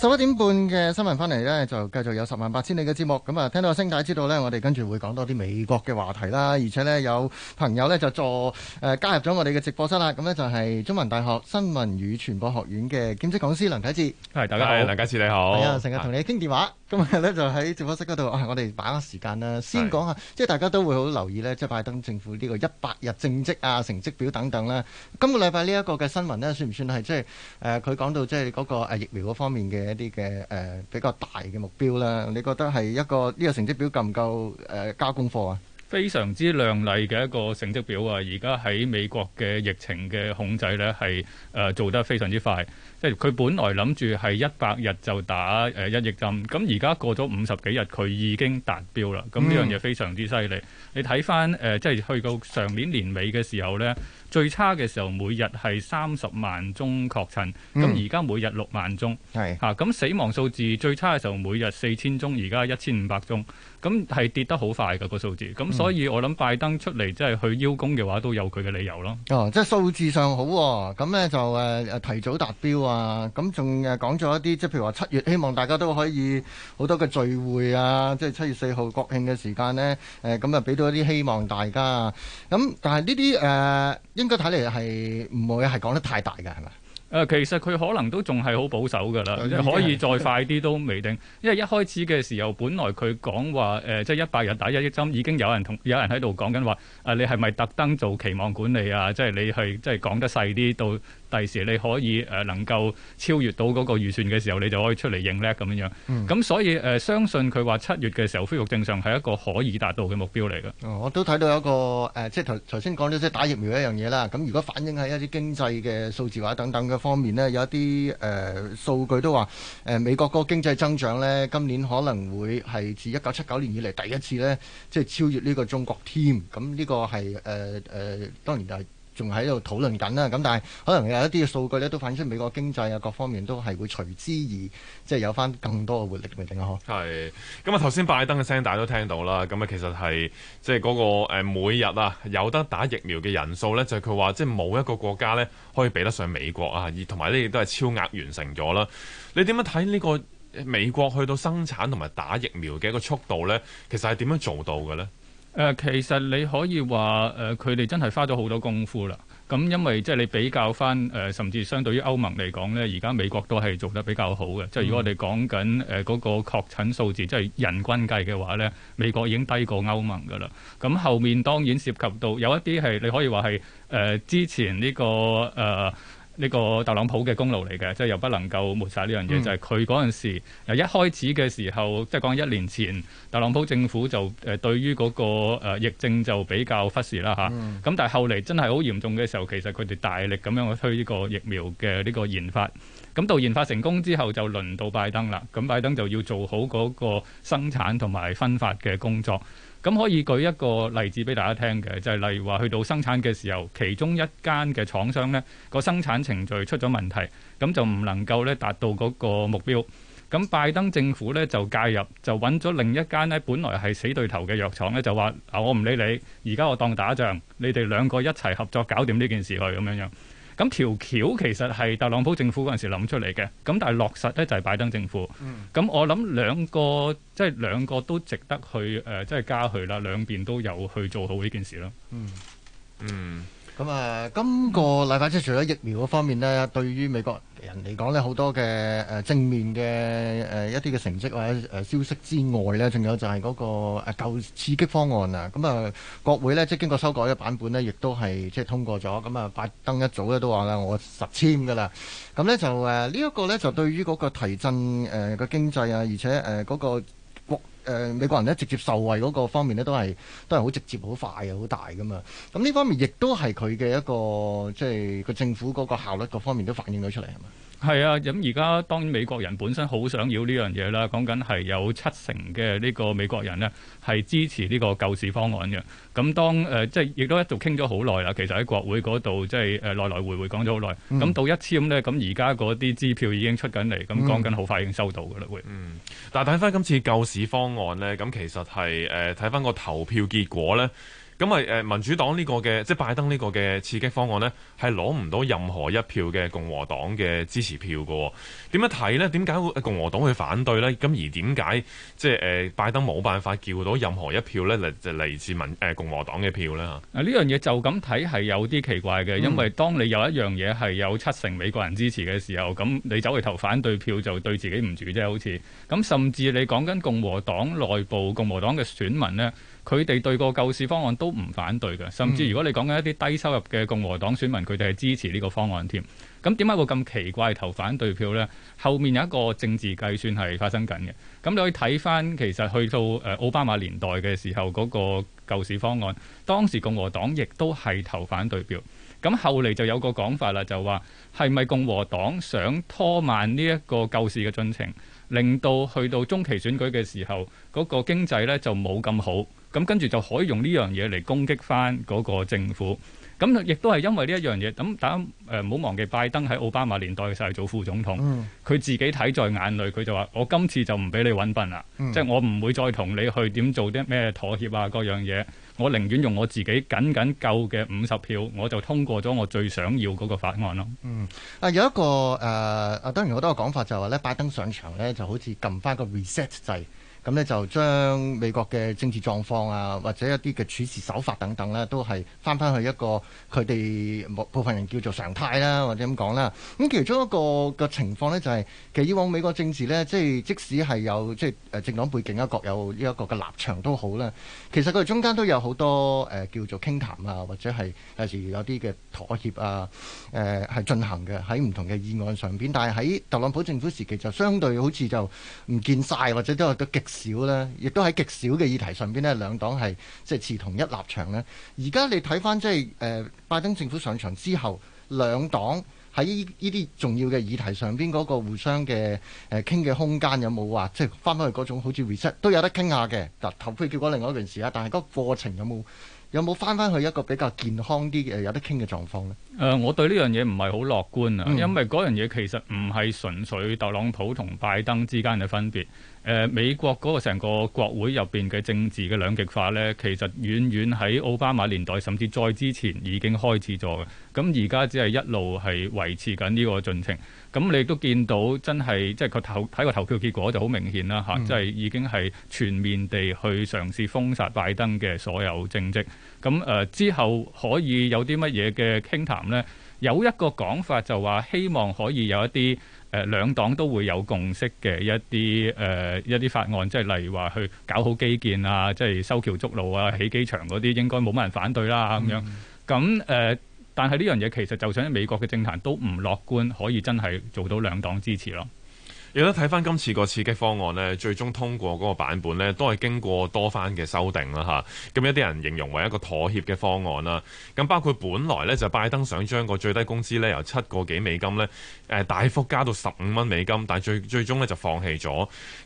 十一點半嘅新聞翻嚟呢，就繼續有十萬八千里嘅節目。咁啊，聽到星仔知道呢，我哋跟住會講多啲美國嘅話題啦。而且呢，有朋友呢就坐、呃、加入咗我哋嘅直播室啦。咁呢、嗯，就係、是、中文大學新聞與傳播學院嘅兼職講師梁啟智。大家好。梁啟智你好。係啊，成日同你傾電話。今日呢就喺直播室嗰度、啊，我哋把握時間啦，先講下，是的 即係大家都會好留意呢，即拜登政府呢個一百日政績啊、成績表等等啦、啊。今個禮拜呢一個嘅新聞呢，算唔算係即係誒佢講到即係嗰個疫苗嗰方面嘅？一啲嘅誒比較大嘅目標啦，你覺得係一個呢、這個成績表夠唔夠誒、呃、加功課啊？非常之靚麗嘅一個成績表啊！而家喺美國嘅疫情嘅控制呢，係誒、呃、做得非常之快。即係佢本來諗住係一百日就打誒一億針，咁而家過咗五十幾日，佢已經達標啦。咁呢樣嘢非常之犀利。嗯、你睇翻誒，即係去到上年年尾嘅時候呢，最差嘅時候每日係三十萬宗確診，咁而家每日六萬宗。係嚇、嗯，咁、啊、死亡數字最差嘅時候每日四千宗，而家一千五百宗。咁係跌得好快㗎個數字，咁所以我諗拜登出嚟即係去邀功嘅話，都有佢嘅理由咯，嗯。哦，即係數字上好哦，咁呢就誒誒提早達標啊，咁仲誒講咗一啲即係譬如話七月，希望大家都可以好多嘅聚會啊，即係七月四號國慶嘅時間呢，誒咁啊俾到一啲希望大家，咁，嗯，但係呢啲誒應該睇嚟係唔會係講得太大㗎，係咪？誒，其實佢可能都仲係好保守㗎啦，就是、可以再快啲都未定，因為一開始嘅時候，本來佢講話誒，即係一百日打一億針，已經有人同有人喺度講緊話誒，你係咪特登做期望管理啊？即係你係即係講得細啲到。第時你可以誒、呃、能夠超越到嗰個預算嘅時候，你就可以出嚟認叻咁樣樣。咁、嗯、所以誒、呃，相信佢話七月嘅時候恢復、嗯、正常係一個可以達到嘅目標嚟嘅、嗯。我都睇到一個誒、呃，即係頭頭先講咗即係打疫苗一樣嘢啦。咁如果反映喺一啲經濟嘅數字或等等嘅方面呢，有一啲誒、呃、數據都話誒、呃、美國嗰個經濟增長呢，今年可能會係自一九七九年以嚟第一次呢，即係超越呢個中國添。咁呢個係誒誒，當然就係。仲喺度討論緊啦，咁但係可能有一啲嘅數據咧，都反映出美國經濟啊各方面都係會隨之而即係有翻更多嘅活力決定咯。係。咁啊頭先拜登嘅聲大家都聽到啦，咁啊其實係即係嗰個每日啊有得打疫苗嘅人數咧，就係佢話即係冇一個國家咧可以比得上美國啊，而同埋呢亦都係超額完成咗啦。你點樣睇呢個美國去到生產同埋打疫苗嘅一個速度咧？其實係點樣做到嘅咧？誒、呃、其實你可以話誒佢哋真係花咗好多功夫啦，咁因為即係你比較翻誒、呃，甚至相對於歐盟嚟講呢，而家美國都係做得比較好嘅。即係如果我哋講緊誒嗰個確診數字，即係人均計嘅話呢，美國已經低過歐盟噶啦。咁後面當然涉及到有一啲係你可以話係誒之前呢個誒。呃呢個特朗普嘅功勞嚟嘅，即係又不能夠抹殺呢樣嘢。嗯、就係佢嗰陣時一開始嘅時候，即係講一年前，特朗普政府就誒對於嗰個疫症就比較忽視啦吓，咁、嗯、但係後嚟真係好嚴重嘅時候，其實佢哋大力咁樣去推呢個疫苗嘅呢個研發。咁到研發成功之後，就輪到拜登啦。咁拜登就要做好嗰個生產同埋分發嘅工作。咁可以舉一個例子俾大家聽嘅，就係例如話去到生產嘅時候，其中一間嘅廠商呢個生產程序出咗問題，咁就唔能夠呢達到嗰個目標。咁拜登政府呢就介入，就揾咗另一間呢，本來係死對頭嘅藥廠呢，就話啊，我唔理你，而家我當打仗，你哋兩個一齊合作搞掂呢件事去咁樣樣。咁條橋其實係特朗普政府嗰陣時諗出嚟嘅，咁但係落實咧就係拜登政府。咁、嗯、我諗兩個即係、就是、兩個都值得去即係、呃就是、加去啦，兩邊都有去做好呢件事囉。嗯。嗯。咁啊，今個禮拜即係除咗疫苗嗰方面呢，對於美國人嚟講呢，好多嘅誒正面嘅誒一啲嘅成績或者消息之外呢，仲有就係嗰個誒舊刺激方案啊！咁啊，國會呢，即係經過修改嘅版本呢，亦都係即係通過咗。咁啊，拜登一早咧都話啦，我實簽㗎喇。咁呢，就誒呢一個呢，就對於嗰個提振誒個經濟啊，而且誒、那、嗰個。誒、呃、美國人咧直接受惠嗰個方面咧都係都係好直接、好快、好大噶嘛，咁呢方面亦都係佢嘅一個即係個政府嗰個效率各方面都反映咗出嚟係嘛。係啊，咁而家當然美國人本身好想要呢樣嘢啦。講緊係有七成嘅呢個美國人呢係支持呢個救市方案嘅。咁當、呃、即係亦都一度傾咗好耐啦。其實喺國會嗰度即係誒、呃、來來回回講咗好耐。咁、嗯、到一簽呢，咁而家嗰啲支票已經出緊嚟，咁講緊好快已經收到㗎啦會。嗯，但係睇翻今次救市方案呢，咁其實係睇翻個投票結果呢。咁咪民主黨呢個嘅即係拜登呢個嘅刺激方案呢，係攞唔到任何一票嘅共和黨嘅支持票喎、哦。點樣睇呢？點解會共和黨去反對呢？咁而點解即係拜登冇辦法叫到任何一票呢嚟就嚟自民、啊、共和黨嘅票呢？啊、呢樣嘢就咁睇係有啲奇怪嘅，因為當你有一樣嘢係有七成美國人支持嘅時候，咁你走去投反對票就對自己唔住啫，好似咁。甚至你講緊共和黨內部共和黨嘅選民呢。佢哋對個救市方案都唔反對嘅，甚至如果你講緊一啲低收入嘅共和黨選民，佢哋係支持呢個方案添。咁點解會咁奇怪投反對票呢？後面有一個政治計算係發生緊嘅。咁你可以睇翻，其實去到誒奧巴馬年代嘅時候，嗰個救市方案，當時共和黨亦都係投反對票。咁後嚟就有個講法啦，就話係咪共和黨想拖慢呢一個救市嘅進程，令到去到中期選舉嘅時候，嗰個經濟呢就冇咁好？咁跟住就可以用呢樣嘢嚟攻擊翻嗰個政府。咁亦都係因為呢一樣嘢。咁大家唔好忘記拜登喺奧巴馬年代嘅時候做副總統，佢、嗯、自己睇在眼裏，佢就話：我今次就唔俾你揾笨啦，嗯、即係我唔會再同你去點做啲咩妥協啊，嗰樣嘢。我寧願用我自己僅僅夠嘅五十票，我就通過咗我最想要嗰個法案咯。嗯，啊、呃、有一個誒，啊、呃、當然好多講法就話咧，拜登上場咧就好似撳翻個 reset 掣。咁呢，就將美國嘅政治狀況啊，或者一啲嘅處事手法等等呢，都係翻翻去一個佢哋部分人叫做常態啦，或者咁講啦。咁其中一個嘅情況呢、就係，就係其實以往美國政治呢，即係即使係有即係政黨背景一各有呢一個嘅立場都好啦。其實佢哋中間都有好多、呃、叫做傾談、談啊，或者係有時有啲嘅妥協啊，係、呃、進行嘅喺唔同嘅議案上邊，但係喺特朗普政府時期就相對好似就唔見晒，或者都係得極。少咧，亦都喺極少嘅議題上邊咧，兩黨係即係持同一立場咧。而家你睇翻即係誒拜登政府上場之後，兩黨喺呢啲重要嘅議題上邊嗰、那個互相嘅誒傾嘅空間有冇話即係翻返去嗰種好似 reset 都有得傾下嘅嗱，頭先講過另外一件事啦，但係嗰個過程有冇有冇翻返去一個比較健康啲嘅有得傾嘅狀況呢？誒、呃，我對呢樣嘢唔係好樂觀啊，嗯、因為嗰樣嘢其實唔係純粹特朗普同拜登之間嘅分別。誒、呃、美國嗰個成個國會入邊嘅政治嘅兩極化呢，其實遠遠喺奧巴馬年代甚至再之前已經開始咗嘅，咁而家只係一路係維持緊呢個進程。咁你都見到真係即係個投睇個投票結果就好明顯啦嚇，即係已經係全面地去嘗試封殺拜登嘅所有政績。咁誒、呃、之後可以有啲乜嘢嘅傾談呢？有一個講法就話希望可以有一啲。誒兩黨都會有共識嘅一啲誒、呃、一啲法案，即係例如話去搞好基建啊，即係修橋築路啊，起機場嗰啲應該冇乜人反對啦咁、嗯嗯、樣。咁、呃、誒，但係呢樣嘢其實就算喺美國嘅政壇都唔樂觀，可以真係做到兩黨支持咯。亦都睇翻今次個刺激方案呢，最終通過嗰個版本呢，都係經過多番嘅修訂啦吓，咁一啲人形容為一個妥協嘅方案啦。咁包括本來呢，就拜登想將個最低工資呢由七個幾美金呢，誒大幅加到十五蚊美金，但係最最終呢就放棄咗。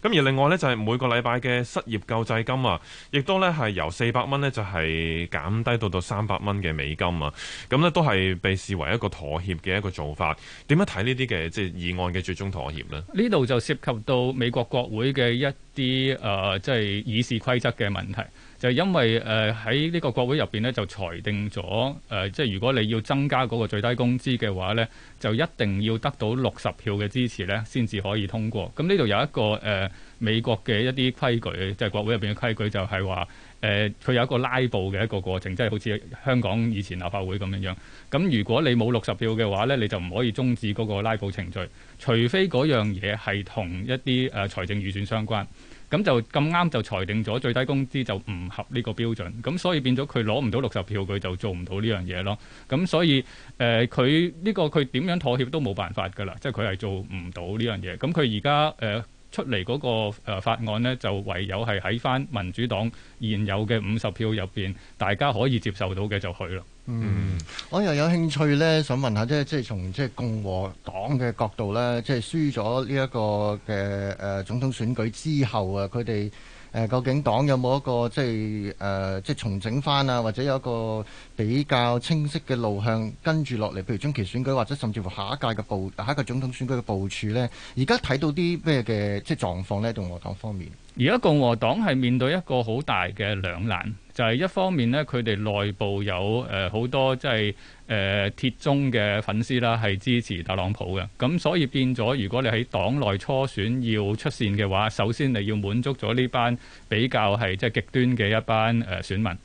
咁而另外呢，就係每個禮拜嘅失業救濟金啊，亦都呢係由四百蚊呢，就係減低到到三百蚊嘅美金啊。咁呢都係被視為一個妥協嘅一個做法。點樣睇呢啲嘅即係議案嘅最終妥協呢？呢度就涉及到美國國會嘅一啲誒，即係議事規則嘅問題。就因為誒喺呢個國會入邊咧，就裁定咗誒、呃，即係如果你要增加嗰個最低工資嘅話咧，就一定要得到六十票嘅支持咧，先至可以通過。咁呢度有一個誒、呃、美國嘅一啲規矩，即係國會入邊嘅規矩，就係話誒佢有一個拉布嘅一個過程，即係好似香港以前立法會咁樣樣。咁如果你冇六十票嘅話咧，你就唔可以終止嗰個拉布程序，除非嗰樣嘢係同一啲誒、呃、財政預算相關。咁就咁啱就裁定咗最低工資就唔合呢個標準，咁所以變咗佢攞唔到六十票，佢就做唔到呢樣嘢咯。咁所以呃，佢呢個佢點樣妥協都冇辦法㗎啦，即係佢係做唔到呢樣嘢。咁佢而家呃。出嚟嗰個誒法案呢，就唯有係喺翻民主黨現有嘅五十票入邊，大家可以接受到嘅就去啦。嗯，我又有興趣呢，想問下啫，即係從即係共和黨嘅角度呢，即係輸咗呢一個嘅誒總統選舉之後啊，佢哋。誒、呃，究竟黨有冇一個即係誒，即、呃、係重整返啊，或者有一個比較清晰嘅路向跟住落嚟？譬如中期選舉，或者甚至乎下一屆嘅部下一個總統選舉嘅部署呢，而家睇到啲咩嘅即係狀況呢？和黨共和黨方面，而家共和黨係面對一個好大嘅兩難，就係、是、一方面呢，佢哋內部有誒好、呃、多即係。就是誒、呃、鐵中嘅粉絲啦，係支持特朗普嘅，咁所以變咗，如果你喺黨內初選要出線嘅話，首先你要滿足咗呢班比較係即係極端嘅一班誒、呃、選民。咁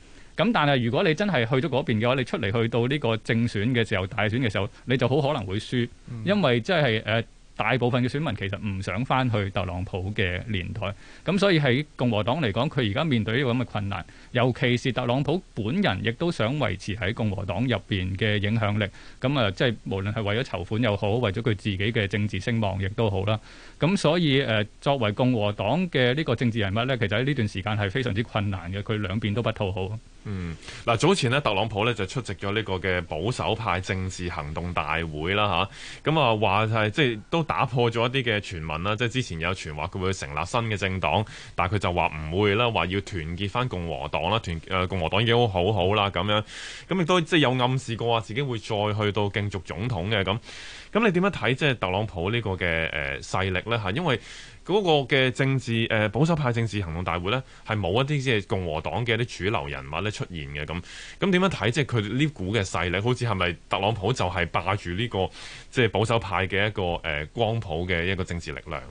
但係如果你真係去咗嗰邊嘅話，你出嚟去到呢個正選嘅時候、大選嘅時候，你就好可能會輸，嗯、因為即、就、係、是呃大部分嘅選民其實唔想返去特朗普嘅年代，咁所以喺共和黨嚟講，佢而家面對呢個咁嘅困難，尤其是特朗普本人亦都想維持喺共和黨入邊嘅影響力，咁啊，即係無論係為咗籌款又好，為咗佢自己嘅政治聲望亦都好啦。咁所以誒，作為共和黨嘅呢個政治人物呢，其實喺呢段時間係非常之困難嘅，佢兩邊都不討好。嗯，嗱早前咧，特朗普咧就出席咗呢個嘅保守派政治行動大會啦，嚇，咁啊話係即係都打破咗一啲嘅傳聞啦，即係之前有傳話佢會成立新嘅政黨，但係佢就話唔會啦，話要團結翻共和黨啦，團誒共和黨已經好好啦，咁樣，咁亦都即係有暗示過話自己會再去到競逐總統嘅咁，咁你點樣睇即係特朗普呢個嘅誒勢力呢嚇？因為嗰個嘅政治、呃、保守派政治行動大會呢，係冇一啲即係共和黨嘅一啲主流人物咧出現嘅咁。咁點樣睇？即係佢呢股嘅勢力，好似係咪特朗普就係霸住呢、這個即係、就是、保守派嘅一個、呃、光譜嘅一個政治力量？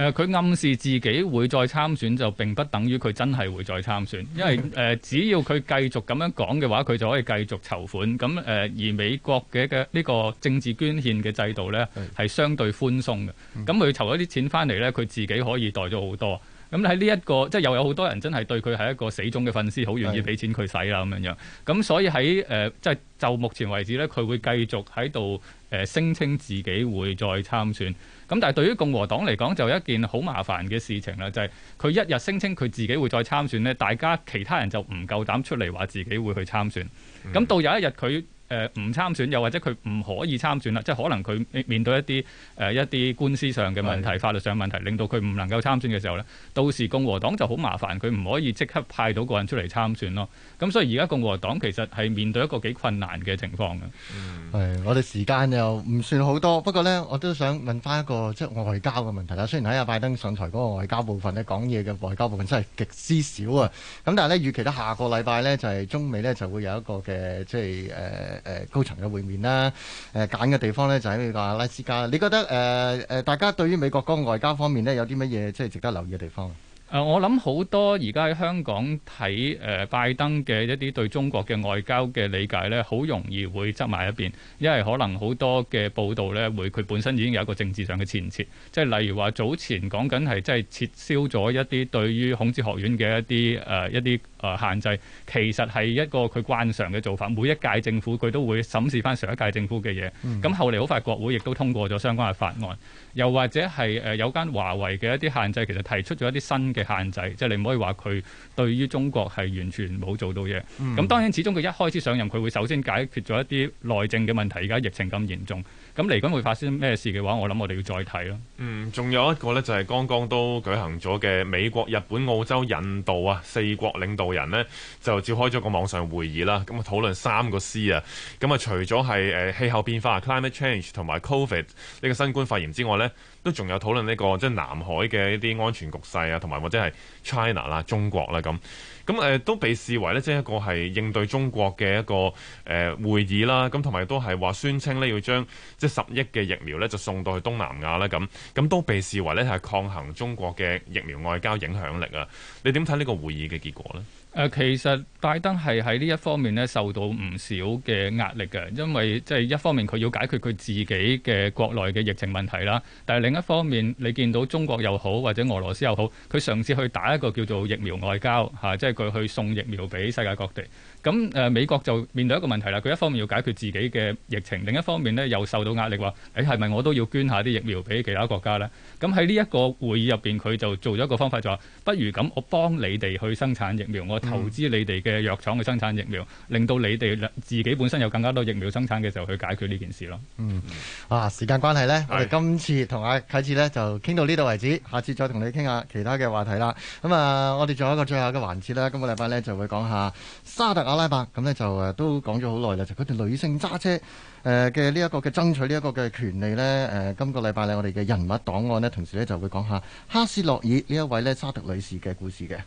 誒，佢、呃、暗示自己會再參選，就並不等於佢真係會再參選，因為誒、呃，只要佢繼續咁樣講嘅話，佢就可以繼續籌款。咁、呃、誒，而美國嘅嘅呢個政治捐獻嘅制度呢，係相對寬鬆嘅。咁佢籌咗啲錢翻嚟呢，佢自己可以袋咗好多。咁喺呢一個即係又有好多人真係對佢係一個死忠嘅粉絲，好願意俾錢佢使啦，咁樣樣，咁所以喺、誒，即係就目前為止呢，佢會繼續喺度誒，聲稱自己會再參選。咁但係對於共和黨嚟講，就有一件好麻煩嘅事情啦，就係、是、佢一日聲稱佢自己會再參選呢，大家其他人就唔夠膽出嚟話自己會去參選。咁到有一日佢。誒唔、呃、參選，又或者佢唔可以參選啦，即係可能佢面對一啲、呃、一啲官司上嘅問題、法律上問題，令到佢唔能夠參選嘅時候呢，到時共和黨就好麻煩，佢唔可以即刻派到個人出嚟參選咯。咁所以而家共和黨其實係面對一個幾困難嘅情況嘅、嗯。我哋時間又唔算好多，不過呢，我都想問翻一個即係外交嘅問題啦。雖然睇下拜登上台嗰個外交部分呢講嘢嘅外交部分真係極之少啊。咁但係呢，預期得下個禮拜呢，就係中美呢就會有一個嘅即係誒。呃誒、呃、高層嘅會面啦，誒揀嘅地方咧就喺美國阿拉斯加，你覺得誒、呃呃、大家對於美國嗰個外交方面呢，有啲乜嘢即係值得留意嘅地方？誒，我諗好多而家喺香港睇誒、呃、拜登嘅一啲對中國嘅外交嘅理解呢，好容易會執埋一邊，因為可能好多嘅報道呢，會佢本身已經有一個政治上嘅前設，即係例如話早前講緊係即係撤銷咗一啲對於孔子學院嘅一啲誒、呃、一啲誒限制，其實係一個佢慣常嘅做法，每一屆政府佢都會審視翻上一屆政府嘅嘢。咁、嗯、後嚟好快國會亦都通過咗相關嘅法案，又或者係誒有間華為嘅一啲限制，其實提出咗一啲新嘅限制，即係你唔可以話佢對於中國係完全冇做到嘢。咁，嗯，當然，始終佢一開始上任，佢會首先解決咗一啲內政嘅問題。而家疫情咁嚴重。咁嚟緊會發生咩事嘅話，我諗我哋要再睇咯。嗯，仲有一個呢，就係剛剛都舉行咗嘅美國、日本、澳洲、印度啊四國領導人呢，就召開咗個網上會議啦。咁啊討論三個 C 啊，咁啊除咗係誒氣候變化 （climate change） 同埋 Covid 呢個新冠肺炎之外呢，都仲有討論呢個即係南海嘅一啲安全局勢啊，同埋或者係 China 啦、中國啦咁。咁誒都被視為咧，即係一個係應對中國嘅一個誒會議啦。咁同埋都係話宣稱咧，要將即係十億嘅疫苗咧，就送到去東南亞啦。咁咁都被視為咧係抗衡中國嘅疫苗外交影響力啊。你點睇呢個會議嘅結果呢？誒其實拜登係喺呢一方面咧受到唔少嘅壓力嘅，因為即係一方面佢要解決佢自己嘅國內嘅疫情問題啦，但係另一方面你見到中國又好或者俄羅斯又好，佢嘗試去打一個叫做疫苗外交嚇，即係佢去送疫苗俾世界各地。咁誒美國就面對一個問題啦，佢一方面要解決自己嘅疫情，另一方面咧又受到壓力話：誒係咪我都要捐下啲疫苗俾其他國家咧？咁喺呢一個會議入邊，佢就做咗一個方法，就話：不如咁，我幫你哋去生產疫苗我。投資你哋嘅藥廠嘅生產疫苗，嗯、令到你哋自己本身有更加多疫苗生產嘅時候去解決呢件事咯。嗯啊，時間關係呢是我哋今次同阿啟智呢就傾到呢度為止，下次再同你傾下其他嘅話題啦。咁、嗯、啊，我哋仲有一個最後嘅環節啦。今個禮拜呢，就會講下沙特阿拉伯咁呢、啊，就誒都講咗好耐啦，就佢哋女性揸車誒嘅呢一個嘅爭取呢一個嘅權利呢。誒、呃。今個禮拜呢，我哋嘅人物檔案呢，同時呢，就會講下哈斯洛爾呢一位呢沙特女士嘅故事嘅。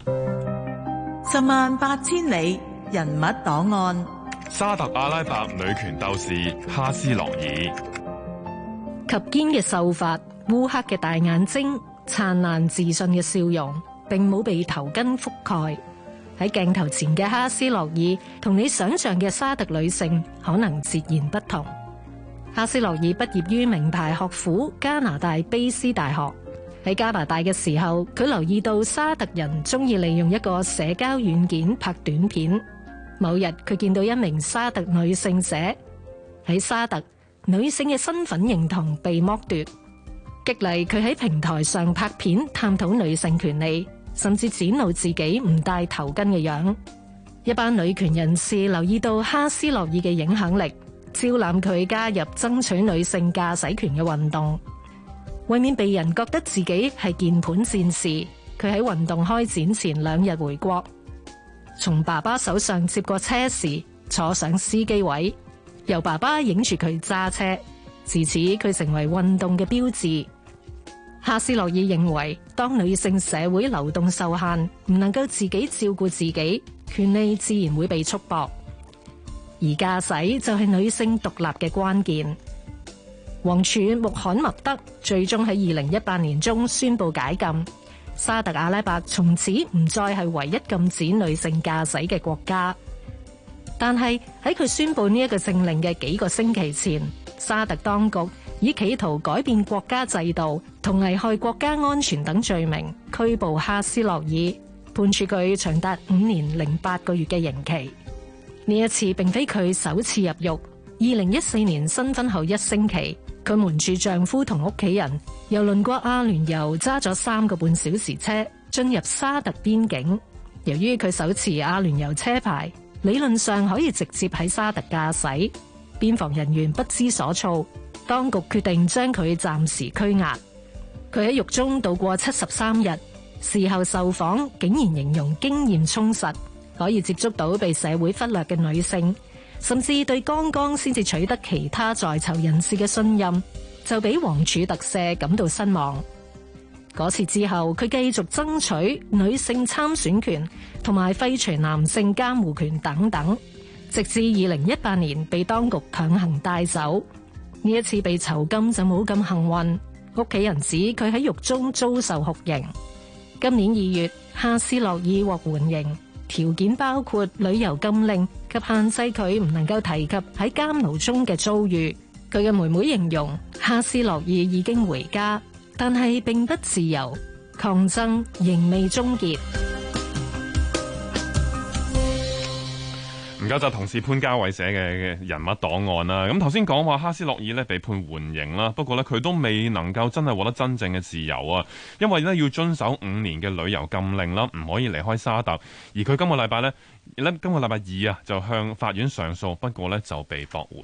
十萬八千里人物檔案：沙特阿拉伯女權鬥士哈斯洛爾，及肩嘅秀髮，烏黑嘅大眼睛，燦爛自信嘅笑容，並冇被頭巾覆蓋。喺鏡頭前嘅哈斯洛爾，同你想象嘅沙特女性可能截然不同。哈斯洛爾畢業於名牌學府加拿大卑斯大學。喺加拿大嘅時候，佢留意到沙特人中意利用一個社交軟件拍短片。某日，佢見到一名沙特女性寫：喺沙特，女性嘅身份認同被剝奪，激勵佢喺平台上拍片探討女性權利，甚至展露自己唔戴頭巾嘅樣。一班女權人士留意到哈斯洛爾嘅影響力，招攬佢加入爭取女性駕駛權嘅運動。為免被人覺得自己係鍵盤戰士，佢喺運動開展前兩日回國，從爸爸手上接過車匙，坐上司機位，由爸爸影住佢揸車。自此，佢成為運動嘅標誌。哈斯洛爾認為，當女性社會流動受限，唔能夠自己照顧自己，權利自然會被束縛，而駕駛就係女性獨立嘅關鍵。王儲穆罕默德最終喺二零一八年中宣布解禁，沙特阿拉伯從此唔再係唯一禁止女性駕駛嘅國家。但係喺佢宣布呢一個政令嘅幾個星期前，沙特當局以企圖改變國家制度同危害國家安全等罪名拘捕哈斯洛爾，判處佢長達五年零八個月嘅刑期。呢一次並非佢首次入獄，二零一四年新婚後一星期，佢瞞住丈夫同屋企人，又輪過阿聯酋揸咗三個半小時車進入沙特邊境。由於佢手持阿聯酋車牌，理論上可以直接喺沙特駕駛。邊防人員不知所措，當局決定將佢暫時拘押。佢喺獄中度過七十三日，事後受訪竟然形容經驗充實，可以接觸到被社會忽略嘅女性。甚至對剛剛先至取得其他在囚人士嘅信任，就俾王儲特赦感到失望。嗰次之後，佢繼續爭取女性參選權，同埋廢除男性監護權等等，直至二零一八年被當局強行帶走。呢一次被囚禁就冇咁幸運，屋企人指佢喺獄中遭受酷刑。今年二月，哈斯洛爾獲緩刑。條件包括旅遊禁令及限制佢唔能夠提及喺監牢中嘅遭遇。佢嘅妹妹形容，哈斯洛爾已經回家，但係並不自由，抗爭仍未終結。有就同事潘家偉寫嘅嘅人物檔案啦。咁頭先講話哈斯洛爾咧被判緩刑啦，不過咧佢都未能夠真係獲得真正嘅自由啊，因為咧要遵守五年嘅旅遊禁令啦，唔可以離開沙特。而佢今個禮拜咧，今個禮拜二啊，就向法院上訴，不過咧就被駁回。